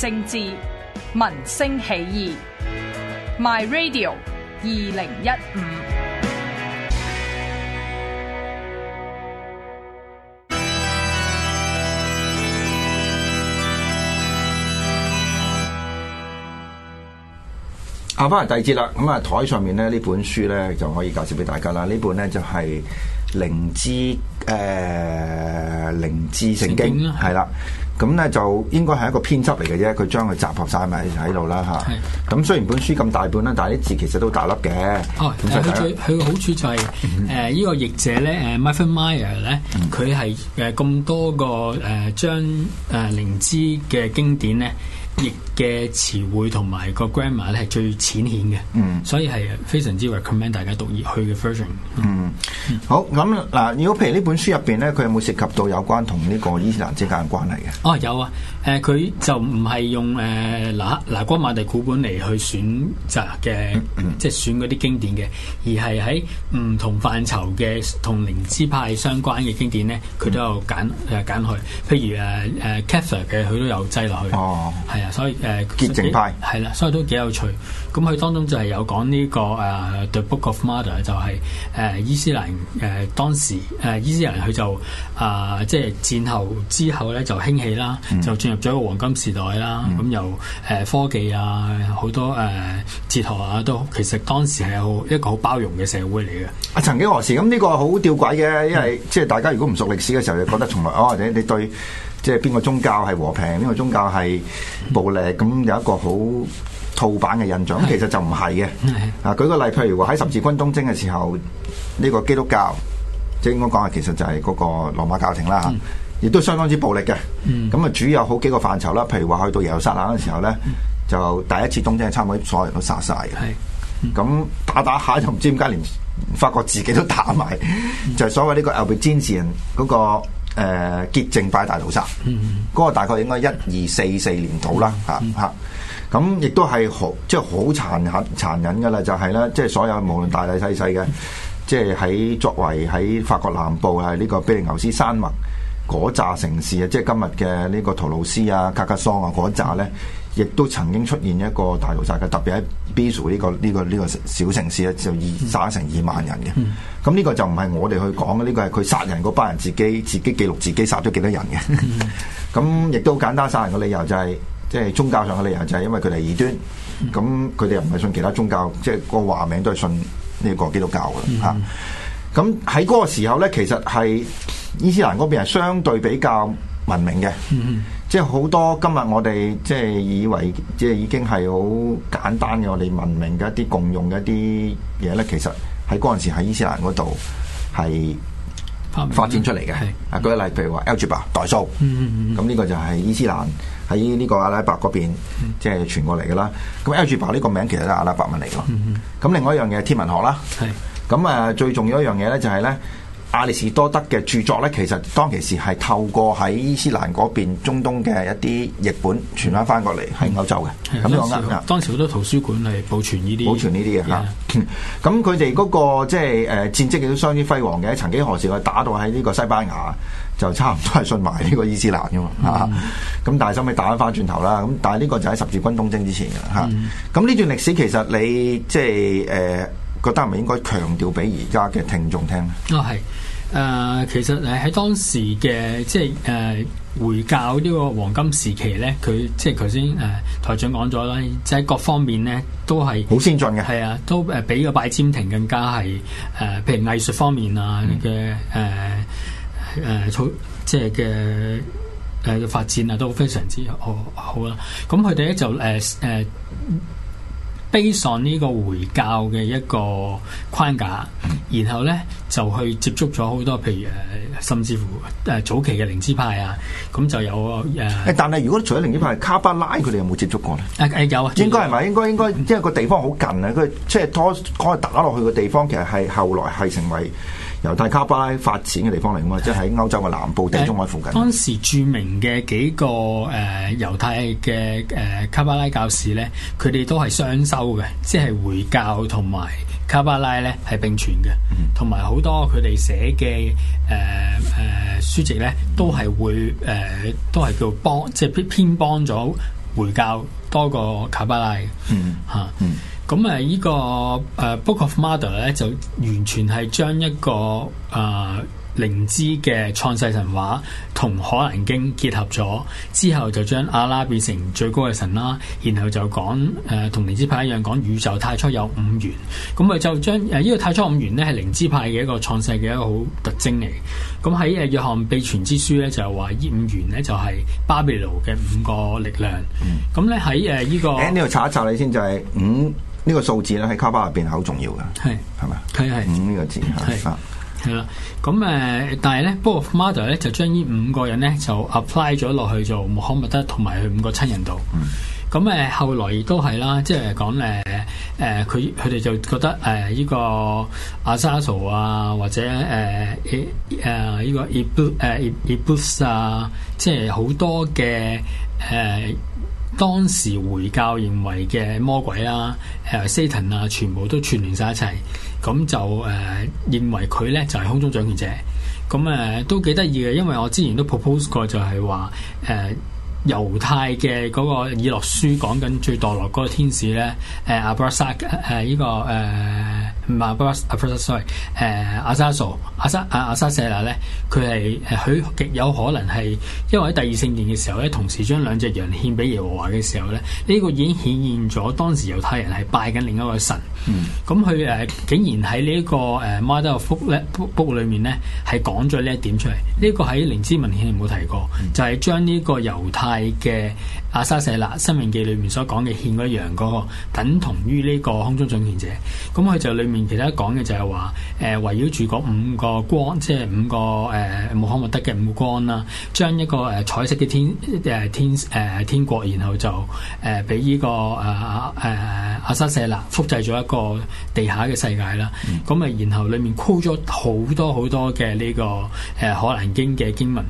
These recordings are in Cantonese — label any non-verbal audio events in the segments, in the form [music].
政治、民聲起義，My Radio 二零一五。啊，翻嚟第二節啦。咁啊，台上面咧呢本書咧就可以介紹俾大家啦。本呢本咧就係、是《靈知》誒、呃《靈知聖經》係啦、啊。咁咧就應該係一個編輯嚟嘅啫，佢將佢集合晒埋喺度啦嚇。咁、嗯啊、雖然本書咁大本啦，但係啲字其實都大粒嘅。哦，佢嘅好處就係、是、誒、嗯呃這個、呢個譯者咧，誒 Michael Meyer 咧，佢係誒咁多個誒將誒靈知嘅經典咧。嘅詞彙同埋個 grammar 咧係最淺顯嘅，嗯，所以係非常之 recommend 大家讀熱去嘅 version。嗯，嗯，好，咁嗱，嗯，如果譬如呢本書入邊咧，佢有冇涉及到有關同呢個伊斯蘭之間嘅關係嘅？哦，有啊。誒佢、呃、就唔係用誒嗱嗱哥馬地古本嚟去選擇嘅，嗯嗯、即係選嗰啲經典嘅，而係喺唔同範疇嘅同靈知派相關嘅經典咧，佢都有揀誒揀去。譬、嗯、如誒誒 Cathar 嘅，佢、呃、都有擠落去。哦，係啊，所以誒、呃、潔淨派係啦、啊，所以都幾有趣。咁佢當中就係有講呢、這個誒《uh, The Book of Mother、就是》，就係誒伊斯蘭誒、uh, 當時誒、uh, 伊斯蘭佢就啊，uh, 即係戰後之後咧就興起啦，嗯、就進入咗一個黃金時代啦。咁又誒科技啊，好多誒、uh, 哲學啊，都其實當時係一個好包容嘅社會嚟嘅。啊，曾幾何時咁呢個好吊詭嘅？因為即係大家如果唔熟歷史嘅時候，就覺得從來哦，或者你對即係邊個宗教係和平，邊個宗教係暴力，咁、嗯、有一個好套版嘅印象其實就唔係嘅。啊，舉個例，譬如話喺十字軍東征嘅時候，呢個基督教即係應該講係其實就係嗰個羅馬教廷啦嚇，亦都相當之暴力嘅。咁啊，主要有好幾個範疇啦。譬如話去到耶路撒冷嘅時候咧，就第一次東征差唔多所有人都殺晒嘅。咁打打下就唔知點解連法國自己都打埋，就係所謂呢個阿拉伯天字人嗰個誒潔淨派大屠殺。嗰個大概應該一二四四年到啦嚇嚇。咁亦、嗯、都係好即係好殘狠殘忍噶啦，就係、係、咧，即係所有無論大大細細嘅，即係喺作為喺法國南部係呢 [music] 個比利牛斯山脈嗰紮城市啊，即係今日嘅呢個圖魯斯啊、卡卡桑啊嗰紮咧，亦都曾經出現一個大屠殺嘅，特別喺 b i 呢、呢個呢、呢個呢、呢個小城市咧，就二殺成二萬人嘅。咁呢、嗯、個就唔係我哋去講嘅，呢、呢個係佢殺人嗰班人自己自己記錄自己殺咗幾多人嘅。咁亦、嗯嗯、都簡單殺人嘅理由就係、係。即係宗教上嘅理由，就係因為佢哋異端，咁佢哋又唔係信其他宗教，即係個話名都係信呢個基督教嘅吓。咁喺嗰個時候咧，其實係伊斯蘭嗰邊係相對比較文明嘅，即係好多今日我哋即係以為即係已經係好簡單嘅，我哋文明嘅一啲共用嘅一啲嘢咧，其實喺嗰陣時喺伊斯蘭嗰度係發展出嚟嘅。啊，舉個例，譬如話 Algebra 代數，咁呢個就係伊斯蘭。喺呢個阿拉伯嗰邊，即係、嗯、傳過嚟嘅啦。咁 Algebra 呢個名其實都係阿拉伯文嚟咯。咁、嗯嗯、另外一樣嘢係天文學啦。咁誒是、呃、最重要一樣嘢咧就係咧亞里士多德嘅著作咧，其實當其時係透過喺伊斯蘭嗰邊、中東嘅一啲譯本傳翻翻過嚟，喺、嗯、歐洲嘅。咁樣啦。樣當時好多圖書館係保存呢啲。保存呢啲嘢嚇。咁佢哋嗰個即係誒、呃、戰績亦都相當輝煌嘅。曾經何時佢打到喺呢個西班牙，就差唔多係信埋呢個伊斯蘭噶嘛嚇，咁、嗯啊、但係收尾打返轉頭啦，咁但係呢個就喺十字軍東征之前嘅啦嚇。咁、啊、呢、嗯、段歷史其實你即係誒、呃、覺得係咪應該強調俾而家嘅聽眾聽咧？啊係、哦，誒、呃、其實誒喺當時嘅即係誒、呃、回教呢個黃金時期咧，佢即係頭先誒台長講咗啦，即係、呃、各方面咧都係好先進嘅，係啊，都誒比個拜占庭更加係誒、呃，譬如藝術方面啊呢嘅誒。嗯呃呃呃呃誒，操、呃，即係嘅誒嘅發展啊，都非常之好好啦。咁佢哋咧就誒誒 base on 呢個回教嘅一個框架，然後咧就去接觸咗好多，譬如誒，甚至乎誒、呃、早期嘅靈知派啊，咁就有誒。但係如果除咗靈知派，嗯、卡巴拉佢哋有冇接觸過咧？誒、呃呃、有啊，應該係咪？應該應該，因為個地方好近啊，佢即係拖嗰個打落去嘅地方，其實係後來係成為。猶太卡巴拉發展嘅地方嚟嘅嘛，即係喺歐洲嘅南部地中海附近。當時著名嘅幾個誒、呃、猶太嘅誒、呃、卡巴拉教士咧，佢哋都係雙修嘅，即係回教同埋卡巴拉咧係並存嘅，同埋好多佢哋寫嘅誒誒書籍咧都係會誒、呃、都係叫幫即係偏偏幫咗回教多過卡巴拉嘅嚇。嗯嗯。咁啊！依個誒 Book of Mother 咧，就完全係將一個誒靈知嘅創世神話同《可能經》結合咗，之後就將阿拉變成最高嘅神啦。然後就講誒同靈知派一樣講宇宙太初有五元，咁咪就將誒依個太初五元咧係靈知派嘅一個創世嘅一個好特徵嚟。咁喺誒約翰秘傳之書咧就係話呢五元咧就係巴比魯嘅五個力量。嗯。咁咧喺誒依個誒，呢度查一查你先就係五。呢個數字咧喺卡巴入邊係好重要嘅，係係嘛？係係是。嗯，呢個字係啦。係啦，咁誒，但係咧，不過 mother 咧就將呢五個人咧就 apply 咗落去做穆罕默德同埋佢五個親人度。咁誒、嗯，後來亦都係啦，即係講誒誒，佢佢哋就覺得誒呢、呃這個阿沙蘇啊，或者誒誒呢個伊布誒伊伊布斯啊，這個呃、啊即係好多嘅誒。呃當時回教認為嘅魔鬼啦、啊呃、Satan 啊，全部都串聯晒一齊，咁就誒、呃、認為佢咧就係、空中掌權者，咁誒、呃、都幾得意嘅，因為我之前都 propose 過就，就係話誒猶太嘅嗰個以諾書講緊最墮落嗰個天使咧，誒、呃、阿伯薩誒呢個誒。呃唔係、啊，阿、啊、阿阿，sorry，誒，亞薩所、亞薩、亞亞舍拉咧，佢係誒，佢極有可能係，因為喺第二聖殿嘅時候咧，同時將兩隻羊獻俾耶和華嘅時候咧，呢、這個已經顯現咗當時猶太人係拜緊另一個神。嗯，嗯，咁佢誒竟然喺呢、這個 Model 福咧 book 裏面咧係講咗呢一點出嚟。呢、這個喺靈知文獻冇提過，嗯嗯、就係將呢個猶太嘅。阿莎舍勒《生命記》裏面所講嘅獻嗰羊嗰、那個，等同於呢個空中進獻者，咁佢就裏面其他講嘅就係話，誒、呃、圍繞住嗰五個光，即係五個誒穆罕默德嘅五光啦，將一個誒、呃、彩色嘅天誒、呃、天誒、呃、天國，然後就誒俾呢個誒誒、呃啊啊、阿莎舍勒複製咗一個地下嘅世界啦。咁咪、嗯、然後裏面 quote 咗好多好多嘅呢、這個誒《可蘭、這個、經》嘅經文。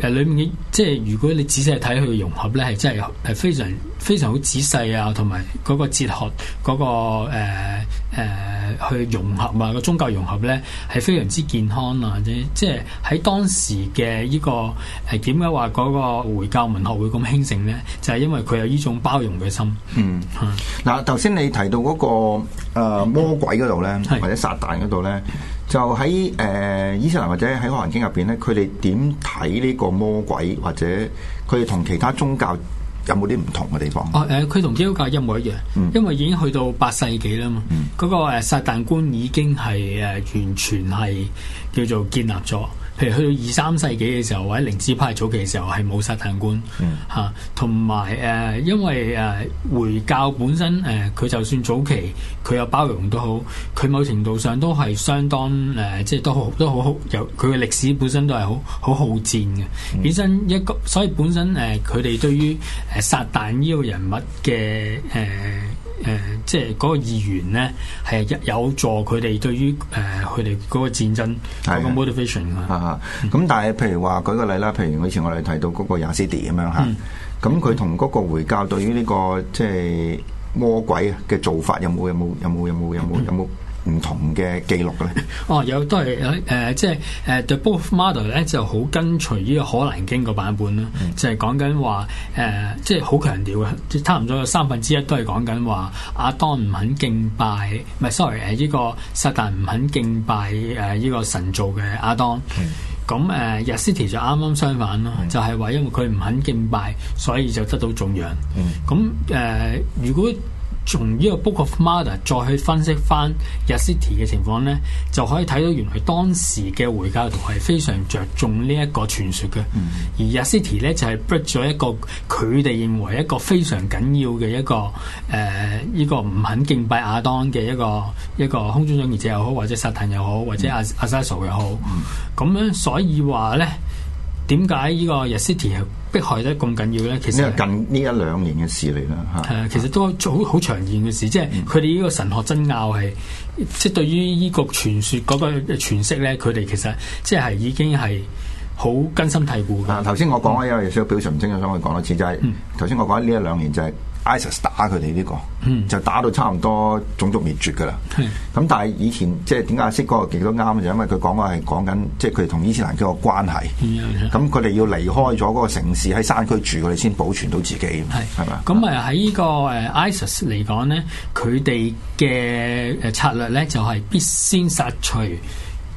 誒裡面嘅即係如果你仔細睇佢嘅融合咧，係真係係非常非常好仔細啊，同埋嗰個哲學嗰、個誒去、呃呃、融合啊，個宗教融合咧係非常之健康啊！即係喺當時嘅依、依個係點解話嗰個回教文學會咁興盛咧？就係、係、因為佢有依種包容嘅心。嗯，嗱頭先你提到嗰個誒魔鬼嗰度咧，嗯、或者撒旦嗰度咧。就喺誒伊斯蘭或者喺環境入邊咧，佢哋點睇呢個魔鬼或者佢哋同其他宗教有冇啲唔同嘅地方？哦誒，佢、呃、同基督教一模一樣，嗯、因為已經去到八世紀啦嘛，嗰、嗯、個撒旦觀已經係誒完全係叫做建立咗。譬如去到二三世紀嘅時候，或者靈知派早期嘅時候，係冇撒旦觀。嚇、嗯，同埋誒，因為誒、啊、回教本身誒，佢、啊、就算早期佢有包容都好，佢某程度上都係相當誒，即、啊、係、就是、都好都好好有佢嘅歷史本身都係好好好戰嘅，本身一個所以本身誒，佢、啊、哋對於誒撒旦呢個人物嘅誒誒。啊啊即係嗰個意願咧，係一有助佢哋對於誒佢哋嗰個戰爭嗰個 motivation 啊！咁的、嗯、但係譬如話舉個例啦，譬如好似我哋提到嗰個亞西迪咁樣嚇，咁佢同嗰個回教對於呢、這個即係、就是、魔鬼嘅做法有冇有冇有冇有冇有冇？唔同嘅記錄嘅咧，哦，有都係誒、呃，即係誒、呃、The Book of Model 咧，就好跟隨呢個《可蘭經》個版本啦，就係講緊話誒，即係好強調嘅，即係差唔多有三分之一都係講緊話阿當唔肯敬拜，唔係、嗯嗯、sorry 誒、啊，呢、這個撒但唔肯敬拜誒呢個神造嘅阿當，咁誒，Yazidi 就啱啱相反咯，就係話因為佢唔肯敬拜，所以就得到重養。咁、這、誒、個，如果，從呢、這個 Book of m a d r 再去分析翻 y a s t i t i 嘅情況咧，就可以睇到原來當時嘅回教徒係非常着重說、嗯、呢、就是、一個傳説嘅。而 y a s t i t i 咧就係 break 咗一個佢哋認為一個非常緊要嘅一個誒呢、呃、個唔肯敬拜亞當嘅一個一個空中掌權者又好，或者撒但又好，或者阿阿沙蘇又好。咁、嗯嗯、樣所以話咧，點解呢個 y a s t i t i 迫害得咁緊要咧，其實呢係近呢一兩年嘅事嚟啦嚇。係啊，其實都好好、啊、長遠嘅事，即係佢哋呢個神學爭拗係，嗯、即係對於呢個傳説嗰、那個詮釋咧，佢哋其實即係已經係好根深蒂固。啊，頭先我講咗因為有少少表述唔清楚，想我講多次，就係頭先我講呢一兩年就係、是。ISIS 打佢哋呢個，嗯、就打到差唔多種族滅絕噶啦。咁的但係以前即係點解識嗰個極都啱就是，因為佢講話係講緊即係佢哋同伊斯蘭嗰個關係。咁佢哋要離開咗嗰個城市喺山區住，佢哋先保存到自己。係嘛的？咁啊喺呢個誒 ISIS 嚟講咧，佢哋嘅誒策略咧就係、是、必先殺除。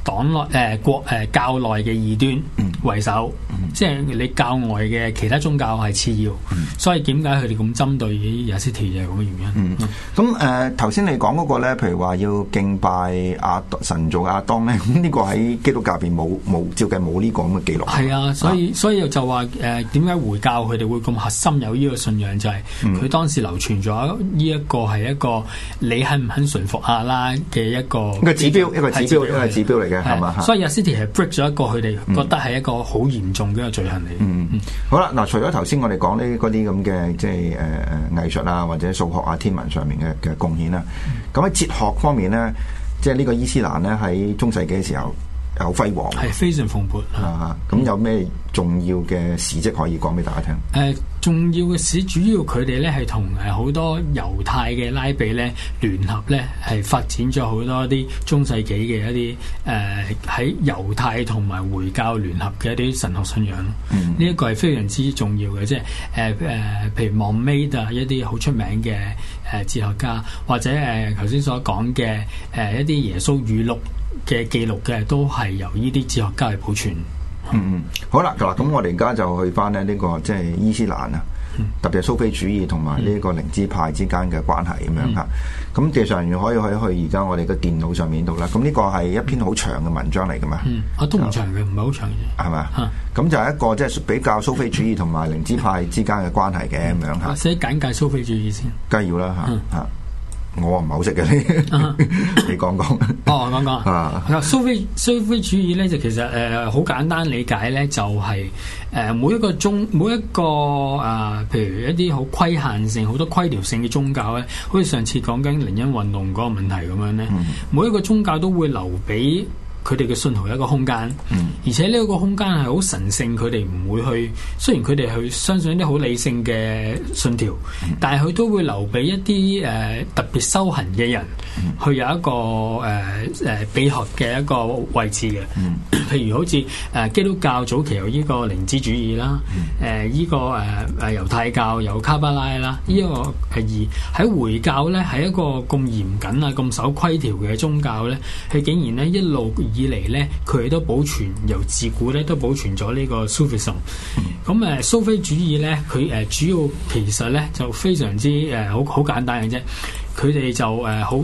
黨內誒國誒教內嘅異端為首，嗯、即係你教外嘅其他宗教係次要，嗯、所以點解佢哋咁針對有斯提就係咁嘅原因。咁誒、嗯，頭先、呃、你講嗰、那個咧，譬如話要敬拜亞神造阿當咧，咁 [laughs] 呢個喺基督教入邊冇冇照計冇呢個咁嘅記錄。係啊，所以、啊、所以就話誒、點、呃、解回教佢哋會咁核心有呢個信仰就係、是、佢當時流傳咗呢一個係一個你肯唔肯順服阿拉嘅一個一個指標，一個指標，一個指標嚟。係，所以阿 city 係 break 咗一個佢哋覺得係一個好嚴重嘅罪行嚟。嗯嗯，嗯好啦，嗱、呃，除咗頭先我哋講呢啲咁嘅，即係誒誒藝術啊，或者數學啊、天文上面嘅嘅貢獻啦。咁喺、啊嗯、哲學方面咧，即係呢個伊斯蘭咧喺中世紀嘅時候。有輝煌，係非常蓬勃啊！咁有咩重要嘅史蹟可以講俾大家聽？誒、嗯，重要嘅史主要佢哋咧係同誒好多猶太嘅拉比咧聯合咧，係發展咗好多一啲中世紀嘅一啲誒喺猶太同埋回教聯合嘅一啲神學信仰呢一、嗯、個係非常之重要嘅，即係誒誒，譬如孟美達一啲好出名嘅誒哲學家，或者誒頭先所講嘅誒一啲耶穌語錄。嘅記錄嘅都係由呢啲哲學家嚟保存。嗯嗯，好啦，嗱，咁我哋而家就去翻咧呢個即係伊斯蘭啊，特別係蘇菲主義同埋呢個靈知派之間嘅關係咁樣吓。咁技術人員可以去去而家我哋嘅電腦上面度啦。咁呢個係一篇好長嘅文章嚟噶嘛？啊都唔長嘅，唔係好長嘅，係咪？咁吧就係一個即係比較蘇菲主義同埋靈知派之間嘅關係嘅咁樣吓。寫簡介蘇菲主義先，梗係要啦吓吓。嗯啊嗯我唔係好識嘅，你講講。哦、uh，講、huh. 講。啊，蘇非蘇非主義咧，就其實誒，好、呃、簡單理解咧，就係、是、誒、呃，每一個宗，每一個啊、呃，譬如一啲好規限性、好多規條性嘅宗教咧，好似上次講緊靈恩運動嗰個問題咁樣咧，mm hmm. 每一個宗教都會留俾。佢哋嘅信號有一個空間，嗯、而且呢個空間係好神聖。佢哋唔會去。雖然佢哋去相信一啲好理性嘅信條，嗯、但係佢都會留俾一啲誒、呃、特別修行嘅人，嗯、去有一個誒誒秘學嘅一個位置嘅。嗯、譬如好似誒、呃、基督教早期有呢個靈知主義啦，誒依、嗯呃這個誒誒、呃、猶太教有卡巴拉啦，呢、這個係而喺回教咧係一個咁嚴謹啊咁守規條嘅宗教咧，佢竟然咧一路。以嚟咧，佢都保存由自古咧都保存咗呢個 Sufism。咁誒蘇菲主義咧，佢誒主要其實咧就非常之誒好好簡單嘅啫。佢哋就誒好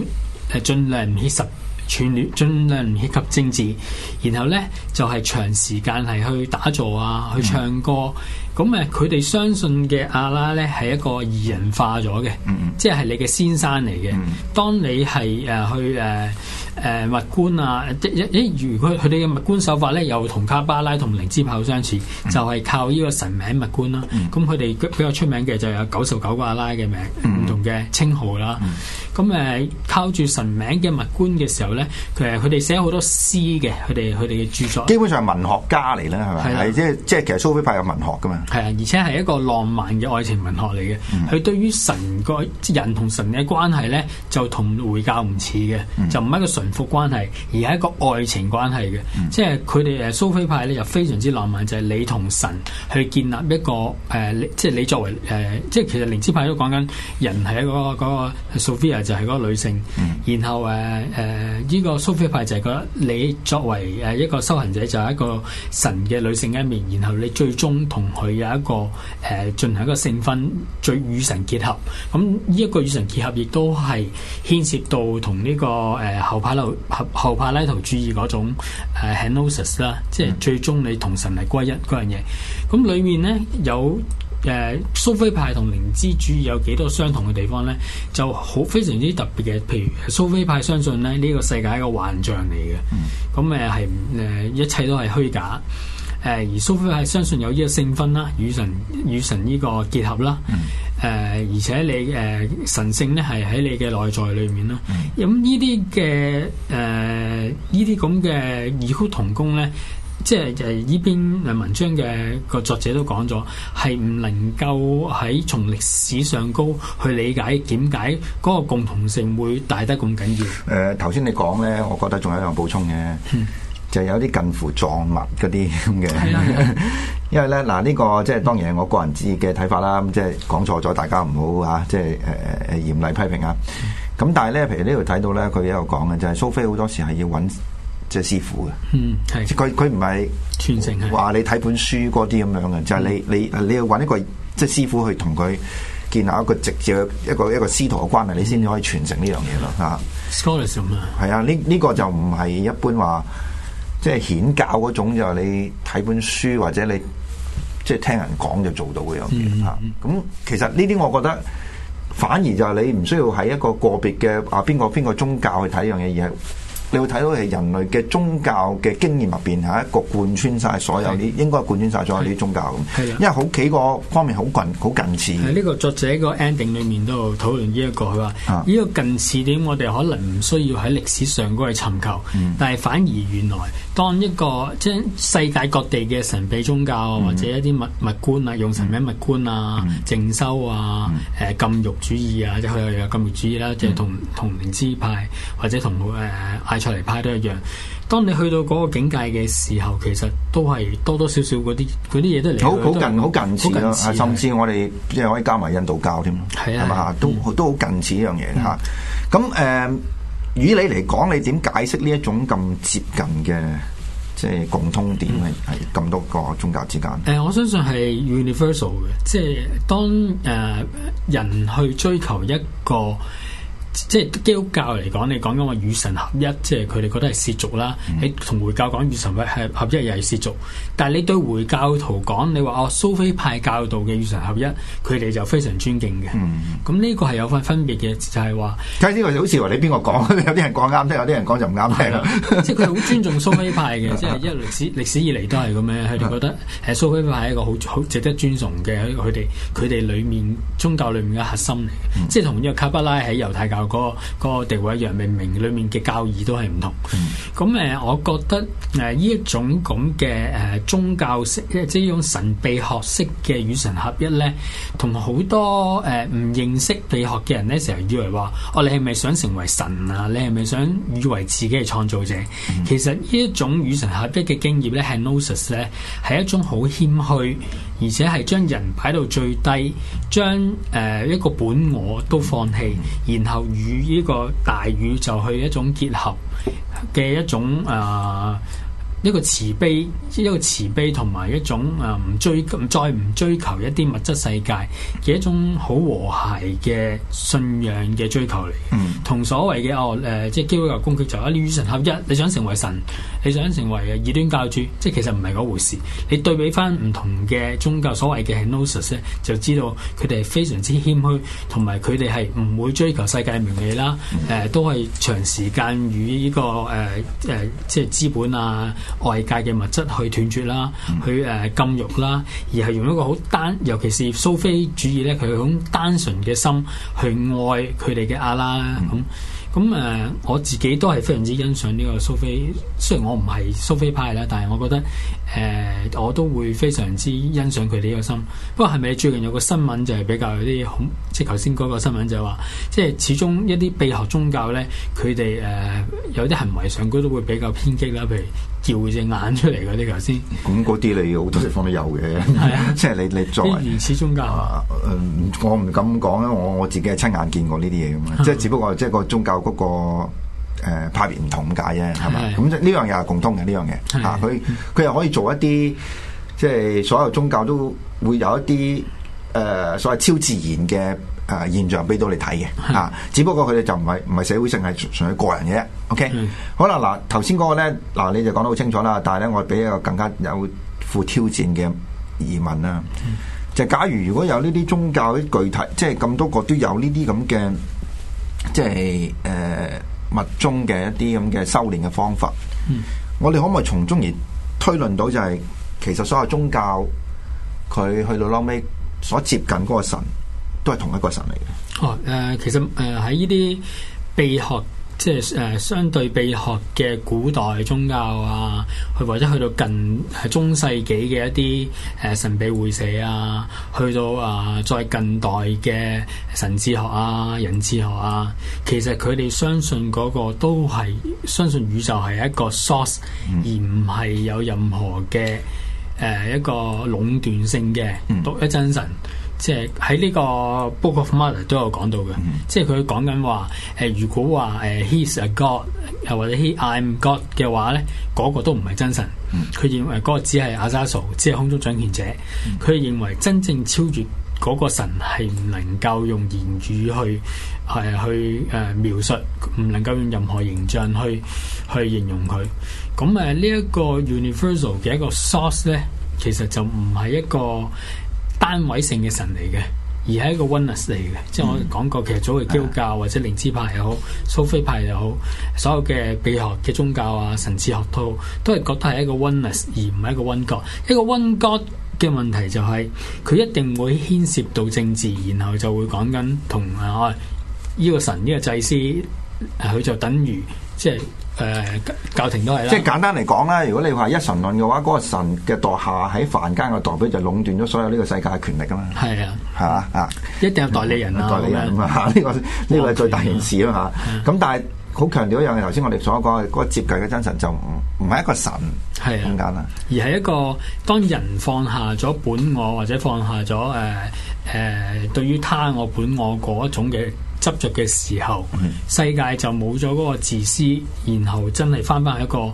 誒盡量唔涉及，全面，盡量唔涉及政治。然後咧就係長時間係去打坐啊，去唱歌。咁誒佢哋相信嘅阿拉咧係一個二人化咗嘅，即係你嘅先生嚟嘅。當你係誒去誒。誒物觀啊，即如果佢哋嘅物觀手法咧，又同卡巴拉同靈知派相似，就係、是、靠呢個神名物觀啦。咁佢哋比較出名嘅就有九十九個阿拉嘅名唔、嗯、同嘅稱號啦。咁誒、嗯嗯、靠住神名嘅物觀嘅時候咧，其實佢哋寫好多詩嘅，佢哋佢哋嘅著作基本上係文學家嚟啦，係咪？係、啊、即係即係其實蘇菲派有文學噶嘛。係啊，而且係一個浪漫嘅愛情文學嚟嘅。佢、嗯嗯、對於神個人同神嘅關係咧，就同回教唔似嘅，就唔係一個純嗯嗯神佛關係而係一個愛情關係嘅，嗯、即係佢哋誒蘇菲派咧就非常之浪漫，就係、是、你同神去建立一個誒、呃，即係你作為誒、呃，即係其實靈知派都講緊人係一、那個、那個、Sophia 就係個女性，嗯、然後誒誒呢個蘇菲派就係覺得你作為誒一個修行者就係一個神嘅女性一面，然後你最終同佢有一個誒進、呃、行一個性婚，最與神結合。咁呢一個與神結合亦都係牽涉到同呢、這個誒、呃、後派。.合後柏拉圖主義嗰種誒 henosis 啦，uh, Henosis, 即係最終你同神係歸一嗰樣嘢。咁裏面咧有誒、呃、蘇菲派同靈知主義有幾多相同嘅地方咧，就好非常之特別嘅。譬如蘇菲派相信咧呢、這個世界係一個幻象嚟嘅，咁誒係誒一切都係虛假。誒而蘇菲係相信有呢個性分啦，與神與神呢個結合啦。誒、嗯呃、而且你誒神性咧係喺你嘅內在裏面啦。咁呢啲嘅誒呢啲咁嘅異曲同工咧，即係就係呢篇文章嘅個作者都講咗，係唔能夠喺從歷史上高去理解點解嗰個共同性會大得咁緊要。誒頭先你講咧，我覺得仲有一樣補充嘅。嗯就有啲近乎藏物嗰啲咁嘅，因為咧嗱，呢個即係當然係我個人自己嘅睇法啦。咁即係講錯咗，大家唔好吓，即係誒誒嚴厲批評啊。咁但係咧，譬如呢度睇到咧，佢有講嘅就係蘇菲好多時係要揾即係師傅嘅。嗯，係。佢佢唔係傳承嘅，話你睇本書嗰啲咁樣嘅，就係你你你要揾一個即係師傅去同佢建立一個直接一個一個師徒嘅關係，你先至可以傳承呢樣嘢咯。啊，scholism 係啊，呢呢個就唔係一般話。即係顯教嗰種就係、是、你睇本書或者你即係聽人講就做到嘅樣嘢啊！咁、嗯、其實呢啲我覺得反而就係你唔需要喺一個個別嘅啊邊個邊個宗教去睇呢樣嘢，而係你會睇到係人類嘅宗教嘅經驗入邊吓，一個貫穿晒所有啲，的應該係貫穿晒所有啲宗教咁。係啊，因為好幾個方面好近好近似。喺呢、這個作者個 ending 裡面都討論呢一個佢話呢個近似點，我哋可能唔需要喺歷史上過去尋求，但係反而原來。當一個即係世界各地嘅神秘宗教啊，或者一啲物物觀啊，用神明物觀啊、淨修啊、誒禁欲主義啊，即係佢又有禁欲主義啦，即係同同靈知派或者同誒艾塞尼派都一樣。當你去到嗰個境界嘅時候，其實都係多多少少嗰啲啲嘢都嚟。好好近好近似，甚至我哋即係可以加埋印度教添，係嘛都都好近似呢樣嘢嚇。咁誒。與你嚟講，你點解釋呢一種咁接近嘅，即係共通點咧？係咁多個宗教之間。誒、嗯，我相信係 universal 嘅，即係當誒、呃、人去追求一個。即係基督教嚟講，你講緊話與神合一，即係佢哋覺得係涉俗啦。喺同回教講與神合一又係涉俗。但係你對回教徒講，你話哦蘇菲派教導嘅與神合一，佢哋就非常尊敬嘅。咁呢個係有分分別嘅，就係話。睇下先，好似話你邊個講？有啲人講啱，即有啲人講就唔啱係啦。即係佢好尊重蘇菲派嘅，即係因為歷史歷史以嚟都係咁樣，佢哋覺得蘇菲派係一個好好值得尊崇嘅。佢哋佢哋裡面宗教裡面嘅核心嚟，嘅，即係同呢個卡巴拉喺猶太教。那個、那個地位、楊明明裏面嘅教義都係唔同。咁誒、嗯，我覺得誒呢一種咁嘅誒宗教式，即係呢種神秘學式嘅與神合一咧，同好多誒唔、呃、認識秘學嘅人咧，成日以為話：哦，你係咪想成為神啊？你係咪想以為自己係創造者？嗯、其實呢一種與神合一嘅經驗咧，係 gnosis 咧，係一種好謙虛。而且係將人擺到最低，將誒、呃、一個本我都放棄，然後與呢個大宇宙去一種結合嘅一種誒。呃一個慈悲，一個慈悲同埋一種啊唔追，再唔追求一啲物質世界嘅一種好和諧嘅信仰嘅追求嚟。嗯、同所謂嘅哦誒、呃，即基督教攻擊就啊、是、與神合一，你想成為神，你想成為異端教主，即其實唔係嗰回事。你對比翻唔同嘅宗教，所謂嘅係 Henosis 就知道佢哋係非常之謙虛，同埋佢哋係唔會追求世界名利啦。誒、呃，都係長時間與呢、這個誒誒、呃呃，即資本啊。外界嘅物質去斷絕啦，去誒禁欲啦，而係用一個好單，尤其是蘇菲主義咧，佢用單純嘅心去愛佢哋嘅阿拉啦咁。嗯咁誒、呃，我自己都係非常之欣賞呢個蘇菲。雖然我唔係蘇菲派啦，但係我覺得誒、呃，我都會非常之欣賞佢哋呢個心。不過係咪最近有個新聞就係比較有啲，即係頭先嗰個新聞就係話，即係始終一啲秘學宗教咧，佢哋誒有啲行為上佢都會比較偏激啦，譬如叫隻眼出嚟嗰啲頭先。咁嗰啲你好多地方都有嘅，即係、啊、 [laughs] 你你作原始宗教我唔敢講啦，我我，我自己係親眼見過呢啲嘢噶，即係只不過即係個宗教。嗰、那個派別唔同解啫，係嘛？咁呢是的 樣嘢係共通嘅呢樣嘢，嚇、啊，佢佢又可以做一啲即係所有宗教都會有一啲誒、呃、所謂超自然嘅誒、呃、現象俾到你睇嘅嚇。只不過佢哋就唔係唔係社會性，係純粹個人嘅。啫。OK，< 是的 S 2> 好啦，嗱頭先嗰個咧，嗱你就講得好清楚啦。但係咧，我俾一個更加有負挑戰嘅疑問啦。就是、假如如果有呢啲宗教啲具，具體，即係咁多國都有呢啲咁嘅。即係誒、呃、密宗嘅一啲咁嘅修練嘅方法，嗯、我哋可唔可以從中而推論到就係、是、其實所有宗教佢去到後尾所接近嗰個神都係同一個神嚟嘅。哦，誒、呃、其實誒喺呢啲秘學。即係誒、呃、相對秘學嘅古代宗教啊，佢或者去到近係中世紀嘅一啲誒、呃、神秘會社啊，去到啊再、呃、近代嘅神智學啊、人智學啊，其實佢哋相信嗰個都係相信宇宙係一個 source，mm. 而唔係有任何嘅誒、呃、一個壟斷性嘅、mm. 獨一真神。即係喺呢個 Book of Matter 都有講到嘅，mm hmm. 即係佢講緊話，誒、呃、如果話誒、uh, He's a God，又、呃、或者 He I'm God 嘅話咧，嗰、那個都唔係真神。佢、mm hmm. 認為嗰個只係亞薩蘇，只係空中掌權者。佢、mm hmm. 認為真正超越嗰個神係唔能夠用言語去係、呃、去誒、呃、描述，唔能夠用任何形象去去形容佢。咁誒呢一個 universal 嘅一個 source 咧，其實就唔係一個。單位性嘅神嚟嘅，而係一個 oneness 嚟嘅。即係我講過，其實早期基督教或者靈知派又好、蘇菲派又好，所有嘅秘學嘅宗教啊、神智學都都係覺得係一個 oneness 而唔係一個 one god。一個 one god 嘅問題就係、是、佢一定會牽涉到政治，然後就會講緊同啊呢個神呢、呢個祭司，佢就等於。即係誒、呃，教廷都係啦。即係簡單嚟講啦，如果你話一神論嘅話，嗰、那個神嘅代下喺凡間嘅代表就壟斷咗所有呢個世界嘅權力㗎嘛。係啊，係嘛啊，啊一定有代理人啊，嗯、代理人咁啊。呢麼、這個呢、啊、個係最大件事啊。吓、啊。咁、啊、但係好強調一樣嘢，頭先我哋所講嘅嗰個接近嘅真神就唔唔係一個神，點解啊？啊而係一個當人放下咗本我或者放下咗誒誒，對於他我本我嗰一種嘅執着嘅時候，世界就冇咗嗰個自私，然後真係返返去一個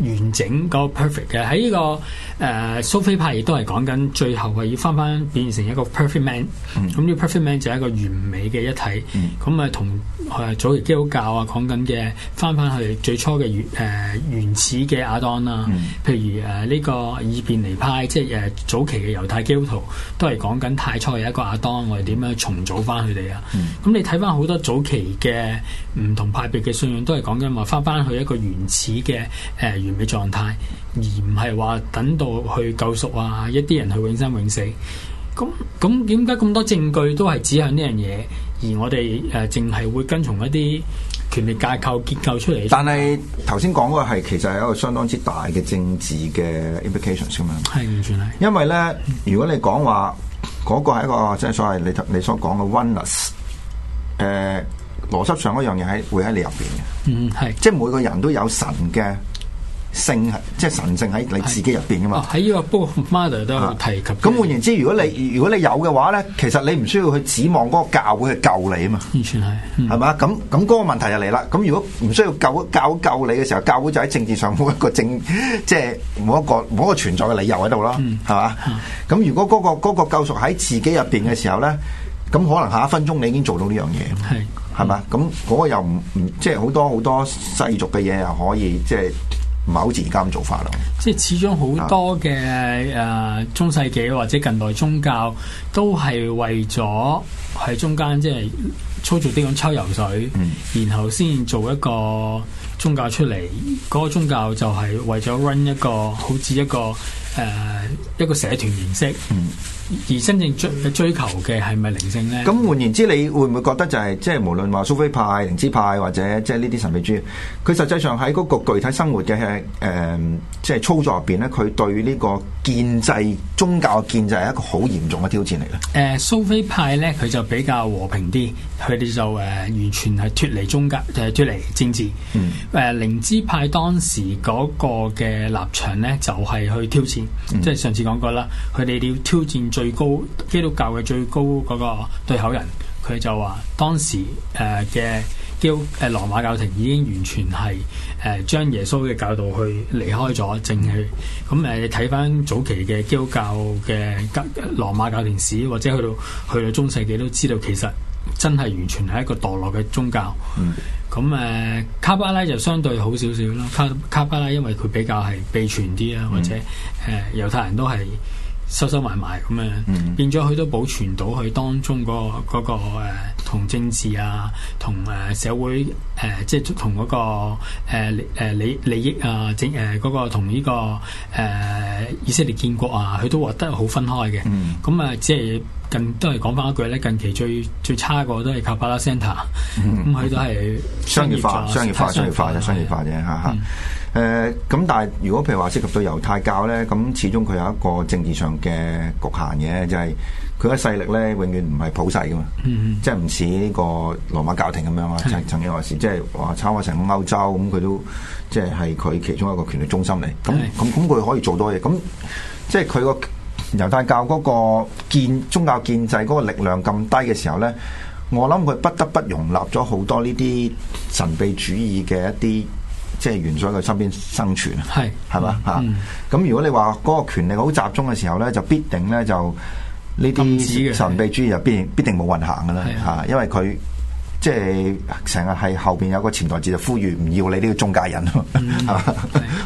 完整嗰、那個、perfect 嘅喺呢個誒、呃、蘇菲派亦都係講緊最後係要翻翻變成一個 perfect man。咁呢個 perfect man 就係一個完美嘅一體，咁啊、mm.，同、呃、誒早期基督教啊講緊嘅翻翻去最初嘅原誒原始嘅亞當啦、啊。Mm. 譬如誒呢、呃這個伊便尼派，即係誒早期嘅猶太基督徒，都係講緊太初有一個亞當，我哋點樣重組翻佢哋啊？咁、mm. 你睇翻好多早期嘅唔同派別嘅信仰，都係講緊話翻翻去一個原始嘅誒。呃呃呃嘅狀態，而唔係話等到去救贖啊，一啲人去永生永死。咁咁，點解咁多證據都係指向呢樣嘢？而我哋誒，淨、呃、係會跟從一啲權力架構結構出嚟。但係頭先講嗰個係其實係一個相當之大嘅政治嘅 implications 咁樣。係完全係。因為咧，嗯、如果你講話嗰、那個係一個即係所謂你你所講嘅 oneness 誒，邏輯上嗰樣嘢喺會喺你入邊嘅。嗯，係。即係每個人都有神嘅。性即係神聖喺你自己入邊噶嘛？喺呢、哦、個，不過 mother 都有提及。咁換言之，如果你如果你有嘅話咧，其實你唔需要去指望嗰個教會去救你啊嘛。完全係，係、嗯、嘛？咁咁嗰個問題就嚟啦。咁如果唔需要救教救，救，救你嘅時候，教會就喺政治上冇一個正即係冇一個冇一個存在嘅理由喺度啦。係嘛？咁、嗯、的如果嗰、嗰個、嗰個救贖喺自己入邊嘅時候咧，咁可能下一分鐘你已經做到呢樣嘢。係係嘛？咁嗰、嗯嗰個又唔唔即係好多好多，多世俗嘅嘢又可以即係。唔係好似而家咁做法咯，即係始終好多嘅誒、uh, 中世紀或者近代宗教都係為咗喺中間，即係操作啲咁抽油水，嗯、然後先做一個宗教出嚟。嗰、那個宗教就係為咗 run 一個好似一個。誒、呃，一個社團形式，嗯、而真正追追求嘅係咪靈性咧？咁換、嗯、言之，你會唔會覺得就係、是、即係無論話蘇菲派、靈知派或者即係呢啲神秘主義，佢實際上喺嗰個具體生活嘅誒、呃，即係操作入邊咧，佢對呢個建制宗教嘅建制係一個好嚴重嘅挑戰嚟嘅。誒、呃，蘇菲派咧，佢就比較和平啲，佢哋就誒、呃、完全係脫離宗教，誒脫離政治。嗯。誒、呃，靈知派當時嗰個嘅立場咧，就係、是、去挑戰。就是嗯、即係上次講過啦，佢哋要挑戰最高基督教嘅最高嗰個對口人，佢就話當時誒嘅基督誒羅馬教廷已經完全係誒將耶穌嘅教導去離開咗，淨係咁誒你睇翻早期嘅基督教嘅格羅馬教廷史，或者去到去到中世紀都知道，其實真係完全係一個墮落嘅宗教。嗯咁誒，卡巴拉就相對好少少啦。卡卡巴拉，因為佢比較係秘傳啲啊，或者誒、呃，猶太人都係。收收埋埋，咁樣變咗佢都保存到佢當中嗰、那個嗰、那個呃、同政治啊，同誒社會誒、呃、即係同嗰、那個誒、呃、利利益啊，整誒嗰、呃這個同呢個誒以色列建國啊，佢都獲得好分開嘅。咁啊、嗯，即係近都係講返一句咧，近期最最差個都係 Kabbalah Center，咁佢都係商業化、商業化、商業化、商業化嘅嚇。誒，咁、呃、但係如果譬如話涉及到猶太教咧，咁始終佢有一個政治上嘅局限嘅，就係佢嘅勢力咧永遠唔係普世噶嘛，嗯嗯即係唔似呢個羅馬教廷咁樣啊，曾是的 曾經話事，即係話差唔多成個歐洲咁，佢都即係係佢其中一個權力中心嚟。咁咁咁佢可以做多嘢。咁即係佢個猶太教嗰個建宗教建制嗰個力量咁低嘅時候咧，我諗佢不得不容納咗好多呢啲神秘主義嘅一啲。即係元素喺佢身邊生存，係係嘛嚇？咁吧、嗯啊、如果你話嗰個權力好集中嘅時候咧，就必定咧就呢啲這些 子神秘主義就必定的必定冇運行嘅啦嚇，因為佢。即係成日係後邊有個潛台詞，就呼籲唔要你呢個中介人咯，係、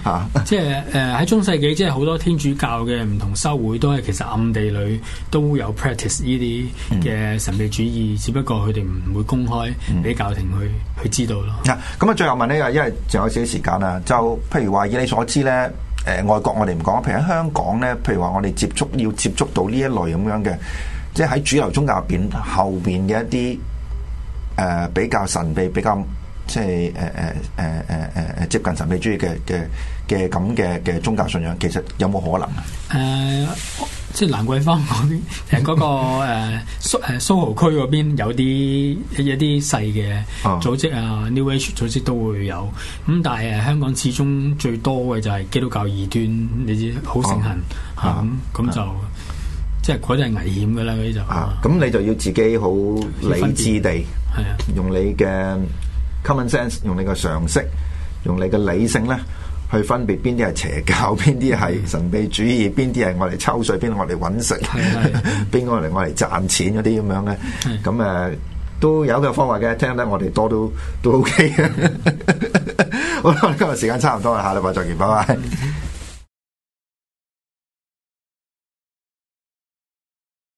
嗯、 [laughs] 即係誒喺中世紀，即係好多天主教嘅唔同修會，都係其實暗地裏都有 practice 呢啲嘅神秘主義，嗯、只不過佢哋唔會公開俾教廷去、嗯、去，去知道咯。嗱，咁啊，最後問呢個，因為仲有少少時間啦。就譬如話，以你所知咧，誒、呃、外國我哋唔講，譬如喺香港咧，譬如話我哋接觸要接觸到呢一類咁樣嘅，即係喺主流宗教入邊後邊嘅一啲。誒，比較神秘，比較即係誒誒誒誒誒誒接近神秘主義嘅嘅嘅咁嘅嘅宗教信仰，其實有冇可能啊？誒，即係蘭桂坊嗰邊，誒、呃那個誒蘇誒蘇豪區嗰邊有啲一啲細嘅組織啊，New Age 組織都會有，咁、嗯、但係誒香港始終最多嘅就係基督教異端，你知好盛行吓，咁咁、啊啊、就、啊、即係嗰啲係危險噶啦，嗰啲就咁、啊、你就要自己好理智地、啊。係啊，用你嘅 common sense，用你嘅常識，用你嘅理性咧，去分別邊啲係邪教，邊啲係神秘主義，邊啲係我哋抽水，邊我哋揾食，邊個 [laughs] 我嚟我嚟賺錢嗰啲咁樣嘅。咁誒的、呃、都有嘅方法嘅，聽得我哋多都都 OK 嘅。好啦，今日時間差唔多啦，下禮拜再見，拜拜。